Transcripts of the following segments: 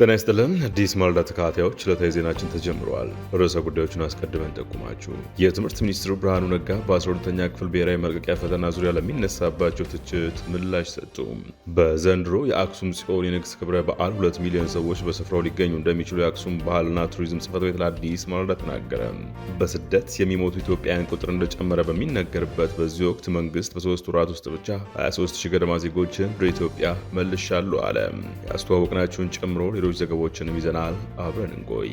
ጤና ይስጥልን አዲስ ማለዳ ተከታታዮች ዕለታዊ ዜናችን ተጀምረዋል። ርዕሰ ጉዳዮቹን አስቀድመን ጠቁማችሁ የትምህርት ሚኒስትሩ ብርሃኑ ነጋ በ12ኛ ክፍል ብሔራዊ መልቀቂያ ፈተና ዙሪያ ለሚነሳባቸው ትችት ምላሽ ሰጡ። በዘንድሮ የአክሱም ጽዮን የንግሥት ክብረ በዓል ሁለት ሚሊዮን ሰዎች በስፍራው ሊገኙ እንደሚችሉ የአክሱም ባህልና ቱሪዝም ጽሕፈት ቤት ለአዲስ ማለዳ ተናገረ። በስደት የሚሞቱ ኢትዮጵያውያን ቁጥር እንደጨመረ በሚነገርበት በዚህ ወቅት መንግስት በሶስት ወራት ውስጥ ብቻ 23 ሺህ ገደማ ዜጎችን ወደ ኢትዮጵያ መልሻሉ አለ። ያስተዋወቅናችሁን ጨምሮ ሌሎች ዘገባዎችንም ይዘናል። አብረን እንቆይ።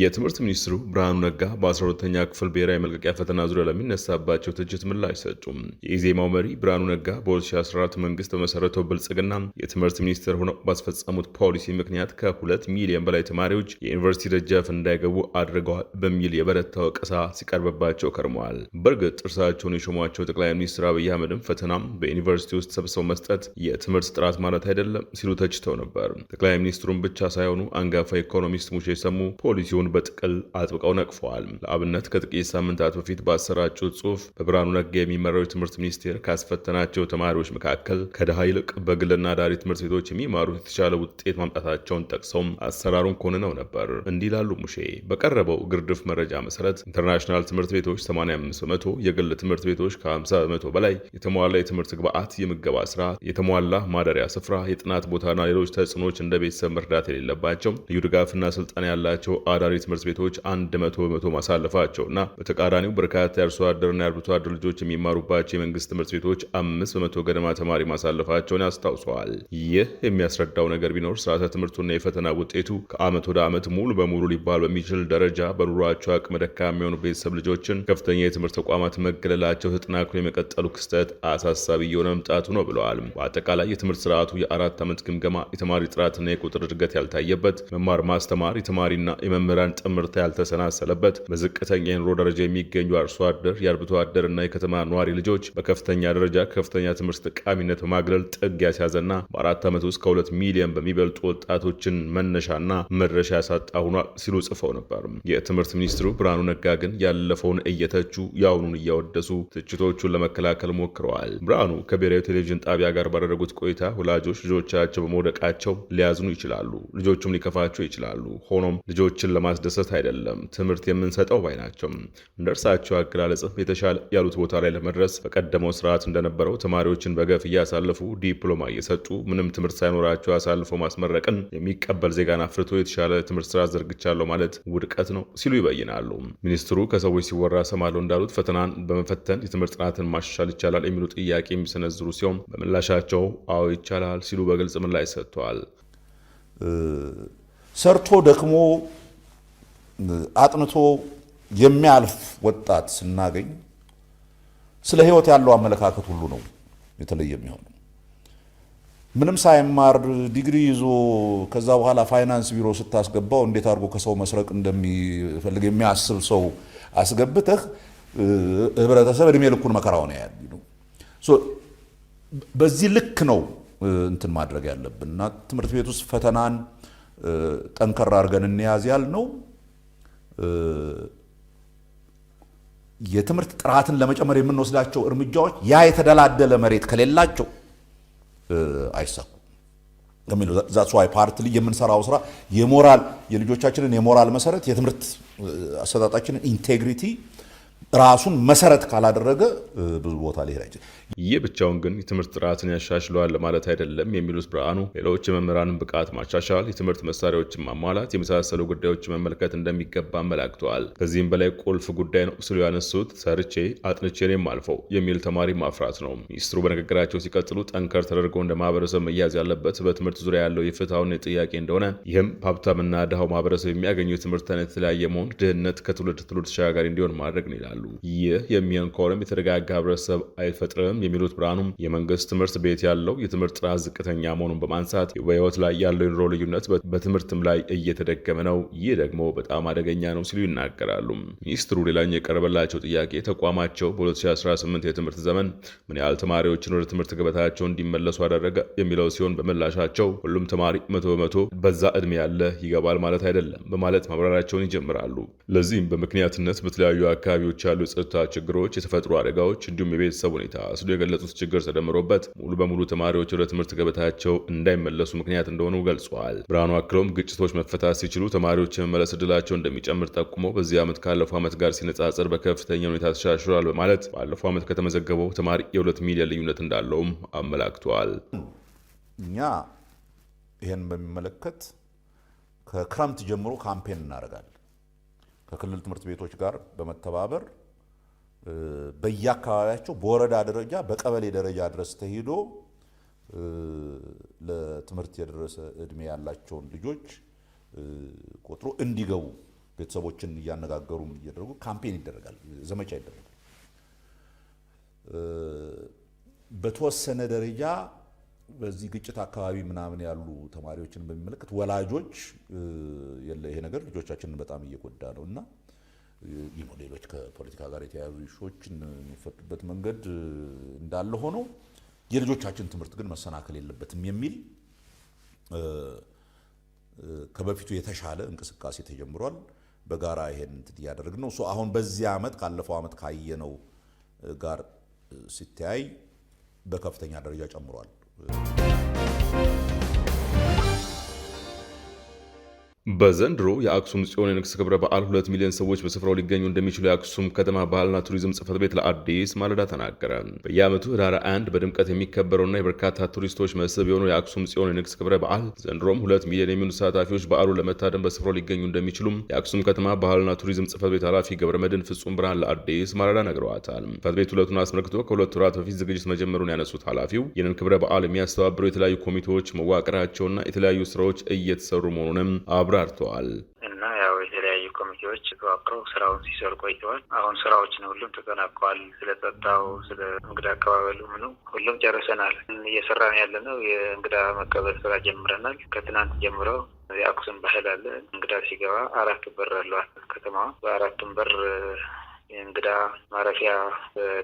የትምህርት ሚኒስትሩ ብርሃኑ ነጋ በ12ተኛ ክፍል ብሔራዊ መልቀቂያ ፈተና ዙሪያ ለሚነሳባቸው ትችት ምላሽ ሰጡ። የኢዜማው መሪ ብርሃኑ ነጋ በ2014 መንግስት በመሰረተው ብልጽግና የትምህርት ሚኒስትር ሆነው ባስፈጸሙት ፖሊሲ ምክንያት ከሁለት ሚሊዮን በላይ ተማሪዎች የዩኒቨርሲቲ ደጃፍ እንዳይገቡ አድርገዋል በሚል የበረታ ወቀሳ ሲቀርብባቸው ከርመዋል። በእርግጥ ጥርሳቸውን የሾሟቸው ጠቅላይ ሚኒስትር አብይ አህመድም ፈተናም በዩኒቨርሲቲ ውስጥ ሰብሰው መስጠት የትምህርት ጥራት ማለት አይደለም ሲሉ ተችተው ነበር። ጠቅላይ ሚኒስትሩን ብቻ ሳይሆኑ አንጋፋ ኢኮኖሚስት ሙሼ ሰሙ ፖሊሲውን ፓርቲውን በጥቅል አጥብቀው ነቅፈዋል። ለአብነት ከጥቂት ሳምንታት በፊት ባሰራጩት ጽሁፍ በብርሃኑ ነጋ የሚመራው የትምህርት ሚኒስቴር ካስፈተናቸው ተማሪዎች መካከል ከድሃ ይልቅ በግልና ዳሪ ትምህርት ቤቶች የሚማሩት የተሻለ ውጤት ማምጣታቸውን ጠቅሰውም አሰራሩን ኮንነው ነበር። እንዲህ ይላሉ ሙሼ። በቀረበው ግርድፍ መረጃ መሰረት ኢንተርናሽናል ትምህርት ቤቶች 85 በመቶ፣ የግል ትምህርት ቤቶች ከ50 በመቶ በላይ የተሟላ የትምህርት ግብዓት፣ የምገባ ስራ፣ የተሟላ ማደሪያ ስፍራ፣ የጥናት ቦታና ሌሎች ተጽዕኖች እንደ ቤተሰብ መርዳት የሌለባቸው ልዩ ድጋፍና ስልጠና ያላቸው አዳሪ ተጨማሪ ትምህርት ቤቶች አንድ መቶ በመቶ ማሳለፋቸውና በተቃራኒው በርካታ የአርሶ አደርና የአርብቶ አደር ልጆች የሚማሩባቸው የመንግስት ትምህርት ቤቶች አምስት በመቶ ገደማ ተማሪ ማሳለፋቸውን አስታውሰዋል። ይህ የሚያስረዳው ነገር ቢኖር ስርዓተ ትምህርቱና የፈተና ውጤቱ ከዓመት ወደ ዓመት ሙሉ በሙሉ ሊባል በሚችል ደረጃ በኑሯቸው አቅመ ደካማ የሚሆኑ ቤተሰብ ልጆችን ከፍተኛ የትምህርት ተቋማት መገለላቸው ተጠናክሮ የመቀጠሉ ክስተት አሳሳቢ እየሆነ መምጣቱ ነው ብለዋል። በአጠቃላይ የትምህርት ስርዓቱ የአራት ዓመት ግምገማ የተማሪ ጥራትና የቁጥር እድገት ያልታየበት፣ መማር ማስተማር የተማሪና የመምህራ የመምህራን ጥምርታ ያልተሰናሰለበት በዝቅተኛ የኑሮ ደረጃ የሚገኙ አርሶ አደር፣ የአርብቶ አደር እና የከተማ ነዋሪ ልጆች በከፍተኛ ደረጃ ከፍተኛ ትምህርት ጠቃሚነት በማግለል ጥግ ያስያዘና በአራት ዓመት ውስጥ ከሁለት ሚሊዮን በሚበልጡ ወጣቶችን መነሻና መድረሻ ያሳጣ ሆኗል ሲሉ ጽፈው ነበር። የትምህርት ሚኒስትሩ ብርሃኑ ነጋ ግን ያለፈውን እየተቹ የአሁኑን እያወደሱ ትችቶቹን ለመከላከል ሞክረዋል። ብርሃኑ ከብሔራዊ ቴሌቪዥን ጣቢያ ጋር ባደረጉት ቆይታ ወላጆች ልጆቻቸው በመውደቃቸው ሊያዝኑ ይችላሉ፣ ልጆቹም ሊከፋቸው ይችላሉ። ሆኖም ልጆችን ለማ ለማስደሰት አይደለም ትምህርት የምንሰጠው ባይ ናቸው። እንደ እርሳቸው አገላለጽም የተሻለ ያሉት ቦታ ላይ ለመድረስ በቀደመው ስርዓት እንደነበረው ተማሪዎችን በገፍ እያሳለፉ ዲፕሎማ እየሰጡ ምንም ትምህርት ሳይኖራቸው አሳልፎ ማስመረቅን የሚቀበል ዜጋን አፍርቶ የተሻለ ትምህርት ስራ ዘርግቻለሁ ማለት ውድቀት ነው ሲሉ ይበይናሉ። ሚኒስትሩ ከሰዎች ሲወራ ሰማለው እንዳሉት ፈተናን በመፈተን የትምህርት ጥናትን ማሻሻል ይቻላል የሚሉ ጥያቄ የሚሰነዝሩ ሲሆን በምላሻቸው አዎ ይቻላል ሲሉ በግልጽ ምላሽ ሰጥተዋል። ሰርቶ ደክሞ አጥንቶ የሚያልፍ ወጣት ስናገኝ ስለ ህይወት ያለው አመለካከት ሁሉ ነው የተለየ የሚሆነው። ምንም ሳይማር ዲግሪ ይዞ ከዛ በኋላ ፋይናንስ ቢሮ ስታስገባው እንዴት አድርጎ ከሰው መስረቅ እንደሚፈልግ የሚያስብ ሰው አስገብተህ ህብረተሰብ እድሜ ልኩን ነው ያል። በዚህ ልክ ነው እንትን ማድረግ ያለብን እና ትምህርት ቤት ውስጥ ፈተናን ጠንከር አድርገን እንያዝ ያል ነው። የትምህርት ጥራትን ለመጨመር የምንወስዳቸው እርምጃዎች ያ የተደላደለ መሬት ከሌላቸው አይሳኩም የሚለው ዛትስ ዋይ ፓርትሊ የምንሰራው ስራ የሞራል የልጆቻችንን የሞራል መሰረት የትምህርት አሰጣጣችንን ኢንቴግሪቲ ራሱን መሰረት ካላደረገ ብዙ ቦታ ሊሄድ አይችልም። ይህ ብቻውን ግን የትምህርት ጥራትን ያሻሽለዋል ማለት አይደለም የሚሉት ብርሃኑ ሌሎች የመምህራንን ብቃት ማሻሻል፣ የትምህርት መሳሪያዎችን ማሟላት የመሳሰሉ ጉዳዮች መመልከት እንደሚገባ አመላክተዋል። ከዚህም በላይ ቁልፍ ጉዳይ ነው ስሉ ያነሱት ሰርቼ አጥንቼ ነው የማልፈው የሚል ተማሪ ማፍራት ነው። ሚኒስትሩ በንግግራቸው ሲቀጥሉ ጠንከር ተደርጎ እንደ ማህበረሰብ መያዝ ያለበት በትምህርት ዙሪያ ያለው የፍትሐውን ጥያቄ እንደሆነ ይህም ሀብታምና ድሃው ማህበረሰብ የሚያገኙ የትምህርት አይነት የተለያየ መሆን ድህነት ከትውልድ ትውልድ ተሸጋጋሪ እንዲሆን ማድረግ ነው ይላል። ይላሉ። ይህ የሚያንኮርም የተረጋጋ ህብረተሰብ አይፈጥርም የሚሉት ብርሃኑም የመንግስት ትምህርት ቤት ያለው የትምህርት ጥራት ዝቅተኛ መሆኑን በማንሳት በህይወት ላይ ያለው የኑሮ ልዩነት በትምህርትም ላይ እየተደገመ ነው። ይህ ደግሞ በጣም አደገኛ ነው ሲሉ ይናገራሉ። ሚኒስትሩ ሌላኛው የቀረበላቸው ጥያቄ ተቋማቸው በ2018 የትምህርት ዘመን ምን ያህል ተማሪዎችን ወደ ትምህርት ገበታቸው እንዲመለሱ አደረገ የሚለው ሲሆን በምላሻቸው ሁሉም ተማሪ መቶ በመቶ በዛ እድሜ ያለ ይገባል ማለት አይደለም በማለት ማብራሪያቸውን ይጀምራሉ። ለዚህም በምክንያትነት በተለያዩ አካባቢዎች በሌሎች ያሉ የጸጥታ ችግሮች፣ የተፈጥሮ አደጋዎች እንዲሁም የቤተሰብ ሁኔታ ሲሉ የገለጹት ችግር ተደምሮበት ሙሉ በሙሉ ተማሪዎች ወደ ትምህርት ገበታቸው እንዳይመለሱ ምክንያት እንደሆኑ ገልጸዋል። ብርሃኑ አክለውም ግጭቶች መፈታት ሲችሉ ተማሪዎች የመመለስ እድላቸው እንደሚጨምር ጠቁሞ በዚህ ዓመት ካለፈው ዓመት ጋር ሲነጻጸር በከፍተኛ ሁኔታ ተሻሽሏል በማለት ባለፈው ዓመት ከተመዘገበው ተማሪ የሁለት ሚሊዮን ልዩነት እንዳለውም አመላክተዋል። እኛ ይህን በሚመለከት ከክረምት ጀምሮ ካምፔን እናደርጋለን። ከክልል ትምህርት ቤቶች ጋር በመተባበር በየአካባቢያቸው በወረዳ ደረጃ በቀበሌ ደረጃ ድረስ ተሂዶ ለትምህርት የደረሰ እድሜ ያላቸውን ልጆች ቆጥሮ እንዲገቡ ቤተሰቦችን እያነጋገሩ እያደረጉ ካምፔን ይደረጋል፣ ዘመቻ ይደረጋል። በተወሰነ ደረጃ በዚህ ግጭት አካባቢ ምናምን ያሉ ተማሪዎችን በሚመለከት ወላጆች የለ ይሄ ነገር ልጆቻችንን በጣም እየጎዳ ነው እና ሌሎች ከፖለቲካ ጋር የተያያዙ ሾችን የሚፈቱበት መንገድ እንዳለ ሆኖ የልጆቻችን ትምህርት ግን መሰናከል የለበትም የሚል ከበፊቱ የተሻለ እንቅስቃሴ ተጀምሯል። በጋራ ይሄን እንትን እያደረግን ነው። አሁን በዚህ ዓመት ካለፈው ዓመት ካየነው ጋር ሲተያይ በከፍተኛ ደረጃ ጨምሯል። Bye. በዘንድሮ የአክሱም ጽዮን የንግስ ክብረ በዓል ሁለት ሚሊዮን ሰዎች በስፍራው ሊገኙ እንደሚችሉ የአክሱም ከተማ ባህልና ቱሪዝም ጽሕፈት ቤት ለአዲስ ማለዳ ተናገረ። በየዓመቱ ህዳር አንድ በድምቀት የሚከበረውና የበርካታ ቱሪስቶች መስህብ የሆነው የአክሱም ጽዮን የንግስ ክብረ በዓል ዘንድሮም ሁለት ሚሊዮን የሚሆኑ ተሳታፊዎች በዓሉ ለመታደም በስፍራው ሊገኙ እንደሚችሉም የአክሱም ከተማ ባህልና ቱሪዝም ጽሕፈት ቤት ኃላፊ ገብረ መድን ፍጹም ብርሃን ለአዲስ ማለዳ ነግረዋታል። ጽሕፈት ቤት ሁለቱን አስመልክቶ ከሁለት ወራት በፊት ዝግጅት መጀመሩን ያነሱት ኃላፊው ይህንን ክብረ በዓል የሚያስተባብሩ የተለያዩ ኮሚቴዎች መዋቅራቸውና የተለያዩ ስራዎች እየተሰሩ መሆኑንም አብራርተዋል። እና ያው የተለያዩ ኮሚቴዎች ተዋቅረው ስራውን ሲሰሩ ቆይተዋል። አሁን ስራዎችን ሁሉም ተጠናቀዋል። ስለ ጸጥታው፣ ስለ እንግዳ አቀባበሉ ምኑ ሁሉም ጨርሰናል። እየሰራን ያለ ነው። የእንግዳ መቀበል ስራ ጀምረናል። ከትናንት ጀምረው የአክሱም ባህል አለ። እንግዳ ሲገባ አራት በር አለዋል ከተማዋ። በአራቱም በር እንግዳ ማረፊያ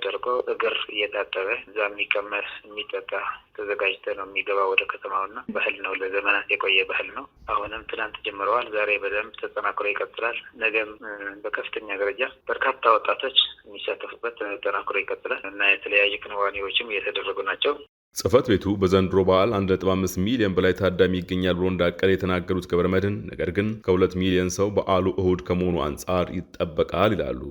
ተደርጎ እግር እየታጠበ እዛ የሚቀመስ የሚጠጣ ተዘጋጅተ ነው የሚገባ ወደ ከተማውና ባህል ነው። ለዘመናት የቆየ ባህል ነው። አሁንም ትናንት ጀምረዋል። ዛሬ በደንብ ተጠናክሮ ይቀጥላል። ነገም በከፍተኛ ደረጃ በርካታ ወጣቶች የሚሳተፉበት ተጠናክሮ ይቀጥላል እና የተለያዩ ክንዋኔዎችም እየተደረጉ ናቸው። ጽህፈት ቤቱ በዘንድሮ በዓል 1.5 ሚሊዮን በላይ ታዳሚ ይገኛል ብሎ እንዳቀደ የተናገሩት ገብረ መድህን ነገር ግን ከሁለት ሚሊዮን ሰው በዓሉ እሁድ ከመሆኑ አንጻር ይጠበቃል ይላሉ።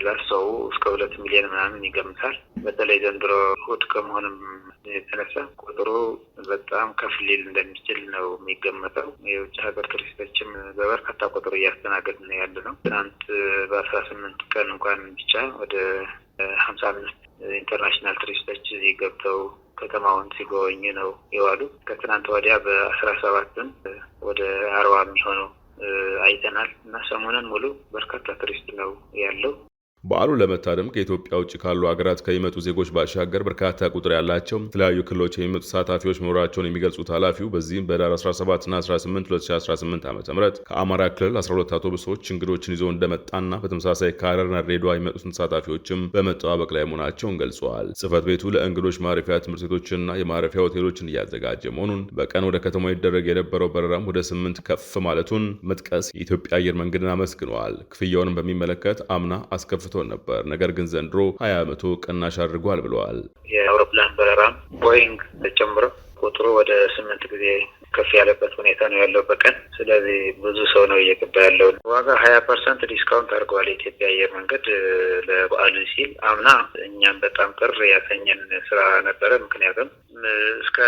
ዶላር ሰው እስከ ሁለት ሚሊዮን ምናምን ይገምታል። በተለይ ዘንድሮ እሑድ ከመሆንም የተነሳ ቁጥሩ በጣም ከፍ ሊል እንደሚችል ነው የሚገመተው። የውጭ ሀገር ቱሪስቶችም በበርካታ ቁጥሩ እያስተናገድ ነው ያለ ነው። ትናንት በአስራ ስምንት ቀን እንኳን ብቻ ወደ ሀምሳ አምስት ኢንተርናሽናል ቱሪስቶች እዚህ ገብተው ከተማውን ሲጎበኙ ነው የዋሉ። ከትናንት ወዲያ በአስራ ሰባትም ወደ አርባ የሚሆኑ አይተናል እና ሰሞኑን ሙሉ በርካታ ቱሪስት ነው ያለው። በዓሉን ለመታደም ከኢትዮጵያ ውጭ ካሉ ሀገራት ከሚመጡ ዜጎች ባሻገር በርካታ ቁጥር ያላቸው የተለያዩ ክልሎች የሚመጡ ተሳታፊዎች መኖራቸውን የሚገልጹት ኃላፊው በዚህም በዳር 17ና 18 2018 ዓ ም ከአማራ ክልል 12 አውቶቡሶች እንግዶችን ይዘው እንደመጣና በተመሳሳይ ከሀረርና ድሬዳዋ የሚመጡትን ተሳታፊዎችም በመጠባበቅ ላይ መሆናቸውን ገልጸዋል። ጽህፈት ቤቱ ለእንግዶች ማረፊያ ትምህርት ቤቶችንና የማረፊያ ሆቴሎችን እያዘጋጀ መሆኑን በቀን ወደ ከተማው ይደረግ የነበረው በረራም ወደ ስምንት ከፍ ማለቱን መጥቀስ የኢትዮጵያ አየር መንገድን አመስግነዋል። ክፍያውንም በሚመለከት አምና አስከፍ አስወስቶን ነበር። ነገር ግን ዘንድሮ ሀያ በመቶ ቅናሽ አድርጓል ብለዋል። የአውሮፕላን በረራም ቦይንግ ጨምሮ ቁጥሩ ወደ ስምንት ጊዜ ከፍ ያለበት ሁኔታ ነው ያለው በቀን ስለዚህ ብዙ ሰው ነው እየገባ ያለው። ዋጋ ሀያ ፐርሰንት ዲስካውንት አድርገዋል የኢትዮጵያ አየር መንገድ ለበዓሉ ሲል። አምና እኛም በጣም ቅር ያሰኘን ስራ ነበረ። ምክንያቱም እስከ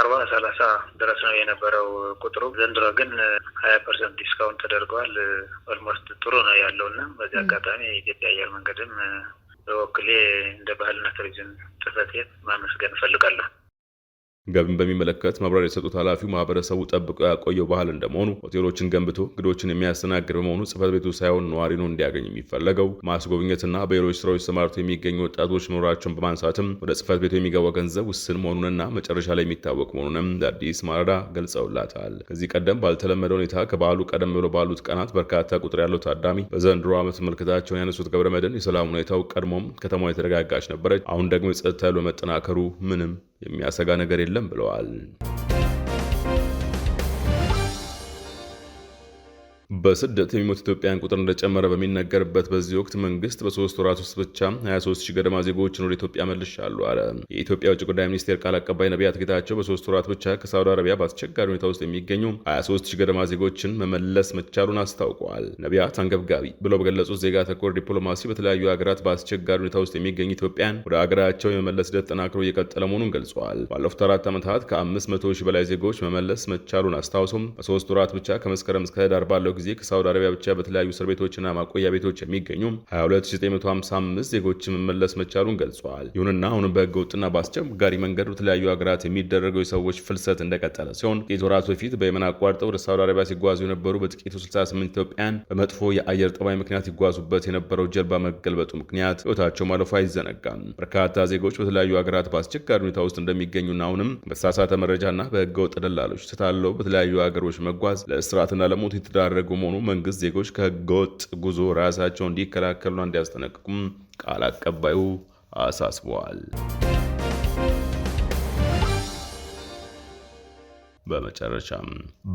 አርባ ሰላሳ ድረስ ነው የነበረው ቁጥሩ። ዘንድሮ ግን ሀያ ፐርሰንት ዲስካውንት ተደርገዋል። ኦልሞስት ጥሩ ነው ያለው እና በዚህ አጋጣሚ የኢትዮጵያ አየር መንገድም በወክሌ እንደ ባህልና ቱሪዝም ጽሕፈት ቤት ማመስገን እፈልጋለሁ። ገቢን በሚመለከት ማብራሪያ የሰጡት ኃላፊው ማህበረሰቡ ጠብቆ ያቆየው ባህል እንደመሆኑ ሆቴሎችን ገንብቶ እንግዶችን የሚያስተናግድ በመሆኑ ጽህፈት ቤቱ ሳይሆን ነዋሪ ነው እንዲያገኝ የሚፈለገው ማስጎብኘትና በሌሎች ስራዎች ተሰማርተው የሚገኙ ወጣቶች መኖራቸውን በማንሳትም ወደ ጽህፈት ቤቱ የሚገባው ገንዘብ ውስን መሆኑንና መጨረሻ ላይ የሚታወቅ መሆኑንም አዲስ ማለዳ ገልጸውላታል። ከዚህ ቀደም ባልተለመደ ሁኔታ ከባህሉ ቀደም ብሎ ባሉት ቀናት በርካታ ቁጥር ያለው ታዳሚ በዘንድሮ ዓመት ምልክታቸውን ያነሱት ገብረ መድን የሰላም ሁኔታው ቀድሞም ከተማ የተረጋጋች ነበረች፣ አሁን ደግሞ የጸጥታ ያሉ መጠናከሩ ምንም የሚያሰጋ ነገር የለም ብለዋል። በስደት የሚሞት ኢትዮጵያን ቁጥር እንደጨመረ በሚነገርበት በዚህ ወቅት መንግስት በሶስት ወራት ውስጥ ብቻ 23 ሺህ ገደማ ዜጎችን ወደ ኢትዮጵያ መልሻሉ አለ። የኢትዮጵያ ውጭ ጉዳይ ሚኒስቴር ቃል አቀባይ ነቢያት ጌታቸው በሶስት ወራት ብቻ ከሳውዲ አረቢያ በአስቸጋሪ ሁኔታ ውስጥ የሚገኙ 23 ሺህ ገደማ ዜጎችን መመለስ መቻሉን አስታውቀዋል። ነቢያት አንገብጋቢ ብለው በገለጹት ዜጋ ተኮር ዲፕሎማሲ በተለያዩ ሀገራት በአስቸጋሪ ሁኔታ ውስጥ የሚገኙ ኢትዮጵያን ወደ ሀገራቸው የመመለስ ሂደት ጠናክሮ እየቀጠለ መሆኑን ገልጸዋል። ባለፉት አራት ዓመታት ከ500 ሺህ በላይ ዜጎች መመለስ መቻሉን አስታውሶም በሶስት ወራት ብቻ ከመስከረም እስከ ህዳር ባለው ጊዜ ከሳውዲ አረቢያ ብቻ በተለያዩ እስር ቤቶችና ማቆያ ቤቶች የሚገኙ 22955 ዜጎች መመለስ መቻሉን ገልጸዋል። ይሁንና አሁንም በህገ ወጥና በአስቸጋሪ መንገድ በተለያዩ ሀገራት የሚደረገው የሰዎች ፍልሰት እንደቀጠለ ሲሆን ጥቂት ወራት በፊት በየመን አቋርጠው ወደ ሳውዲ አረቢያ ሲጓዙ የነበሩ በጥቂቱ 68 ኢትዮጵያን በመጥፎ የአየር ጠባይ ምክንያት ይጓዙበት የነበረው ጀልባ መገልበጡ ምክንያት ህይወታቸው ማለፉ አይዘነጋም። በርካታ ዜጎች በተለያዩ ሀገራት በአስቸጋሪ ሁኔታ ውስጥ እንደሚገኙና አሁንም በተሳሳተ መረጃና በህገ ወጥ ደላሎች ተታለው በተለያዩ ሀገሮች መጓዝ ለእስራትና ለሞት የተዳረጉ መሆኑ መንግስት ዜጎች ከህገወጥ ጉዞ ራሳቸው እንዲከላከሉና እንዲያስጠነቅቁም ቃል አቀባዩ አሳስበዋል። በመጨረሻም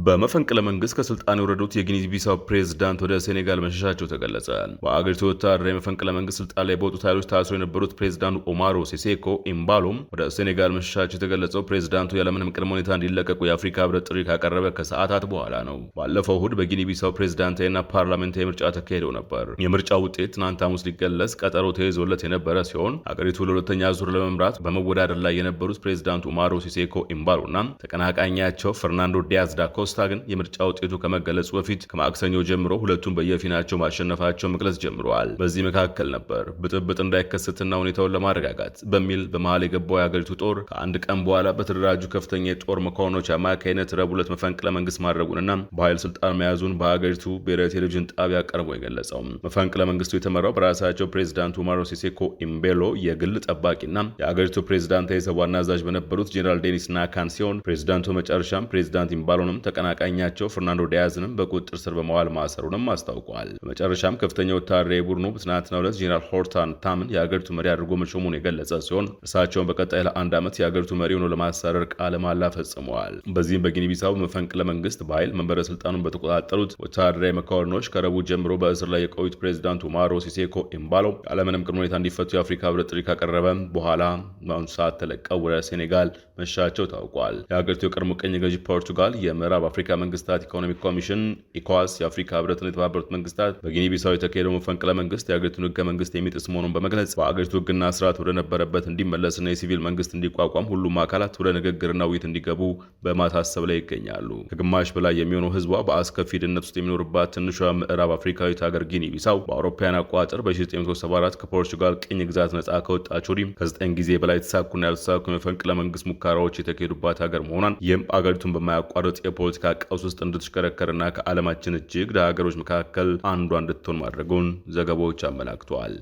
በመፈንቅለ መንግስት ከስልጣን የወረዱት የጊኒ ቢሳው ፕሬዝዳንት ወደ ሴኔጋል መሸሻቸው ተገለጸ። በአገሪቱ ወታደራዊ መፈንቅለ መንግስት ስልጣን ላይ በወጡት ኃይሎች ታስሮ የነበሩት ፕሬዝዳንቱ ኦማሮ ሴሴኮ ኢምባሎም ወደ ሴኔጋል መሸሻቸው የተገለጸው ፕሬዝዳንቱ ያለምንም ቅድመ ሁኔታ እንዲለቀቁ የአፍሪካ ህብረት ጥሪ ካቀረበ ከሰዓታት በኋላ ነው። ባለፈው እሁድ በጊኒ ቢሳው ፕሬዝዳንታዊና ፓርላሜንታዊ ምርጫ ተካሄደው ነበር። የምርጫ ውጤት ትናንት ሐሙስ ሊገለጽ ቀጠሮ ተይዞለት የነበረ ሲሆን አገሪቱ ለሁለተኛ ዙር ለመምራት በመወዳደር ላይ የነበሩት ፕሬዝዳንቱ ኦማሮ ሴሴኮ ኢምባሎ እና ተቀናቃኛ ተጋጣሚያቸው ፈርናንዶ ዲያዝ ዳኮስታ ግን የምርጫ ውጤቱ ከመገለጹ በፊት ከማክሰኞ ጀምሮ ሁለቱም በየፊናቸው ማሸነፋቸው መግለጽ ጀምረዋል። በዚህ መካከል ነበር ብጥብጥ እንዳይከሰትና ሁኔታውን ለማረጋጋት በሚል በመሀል የገባው የአገሪቱ ጦር ከአንድ ቀን በኋላ በተደራጁ ከፍተኛ የጦር መኮንኖች አማካይነት ረቡዕ ዕለት መፈንቅለ መንግስት ማድረጉንና በኃይል ስልጣን መያዙን በሀገሪቱ ብሔራዊ ቴሌቪዥን ጣቢያ ቀርቦ የገለጸው መፈንቅለ መንግስቱ የተመራው በራሳቸው ፕሬዚዳንት ኡማሮ ሲሴኮ ኢምቤሎ የግል ጠባቂና የአገሪቱ ፕሬዚዳንት ዘብ ዋና አዛዥ በነበሩት ጄኔራል ዴኒስ ናካን ሲሆን ፕሬዚዳንቱ መጨረሻ በመጨረሻም ፕሬዚዳንት ኢምባሎንም ተቀናቃኛቸው ፈርናንዶ ዲያዝንም በቁጥጥር ስር በመዋል ማሰሩንም አስታውቋል። በመጨረሻም ከፍተኛ ወታደራዊ ቡድኑ በትናንትናው ዕለት ጄኔራል ሆርታን ታምን የአገሪቱ መሪ አድርጎ መሾሙን የገለጸ ሲሆን እርሳቸውን በቀጣይ ለአንድ ዓመት የአገሪቱ መሪ ሆኖ ለማሳረር ቃለ መሃላ ፈጽመዋል። በዚህም በጊኒቢሳው መፈንቅለ መንግስት በኃይል መንበረ ስልጣኑን በተቆጣጠሩት ወታደራዊ መኮንኖች ከረቡዕ ጀምሮ በእስር ላይ የቆዩት ፕሬዚዳንት ኡማሮ ሲሴኮ ኢምባሎ ያለምንም ቅድመ ሁኔታ እንዲፈቱ የአፍሪካ ህብረት ጥሪ ካቀረበ በኋላ በአሁኑ ሰዓት ተለቀው ወደ ሴኔጋል መሻቸው ታውቋል። የሀገሪቱ የቀድሞ ቀኝ የሚገኘው ገዢ ፖርቱጋል የምዕራብ አፍሪካ መንግስታት ኢኮኖሚክ ኮሚሽን ኢኳስ፣ የአፍሪካ ህብረትና የተባበሩት መንግስታት በጊኒ ቢሳው የተካሄደው መፈንቅለ መንግስት የአገሪቱን ህገ መንግስት የሚጥስ መሆኑን በመግለጽ በአገሪቱ ህግና ስርዓት ወደነበረበት እንዲመለስና የሲቪል መንግስት እንዲቋቋም ሁሉም አካላት ወደ ንግግርና ውይይት እንዲገቡ በማሳሰብ ላይ ይገኛሉ። ከግማሽ በላይ የሚሆነው ህዝቧ በአስከፊ ድህነት ውስጥ የሚኖርባት ትንሿ ምዕራብ አፍሪካዊት ሀገር ጊኒ ቢሳው በአውሮፓውያን አቆጣጠር በ1974 ከፖርቱጋል ቅኝ ግዛት ነጻ ከወጣች ወዲህ ከ9 ጊዜ በላይ የተሳኩና ያልተሳኩ የመፈንቅለ መንግስት ሙከራዎች የተካሄዱባት ሀገር መሆኗን ይህም ሀገሪቱን በማያቋርጥ የፖለቲካ ቀውስ ውስጥ እንድትሽከረከርና ከዓለማችን እጅግ ድሃ ሀገሮች መካከል አንዷ እንድትሆን ማድረጉን ዘገባዎች አመላክተዋል።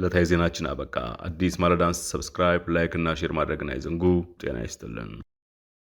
ዕለታዊ ዜናችን አበቃ። አዲስ ማለዳን ሰብስክራይብ፣ ላይክ እና ሼር ማድረግን አይዘንጉ። ጤና ይስጥልን።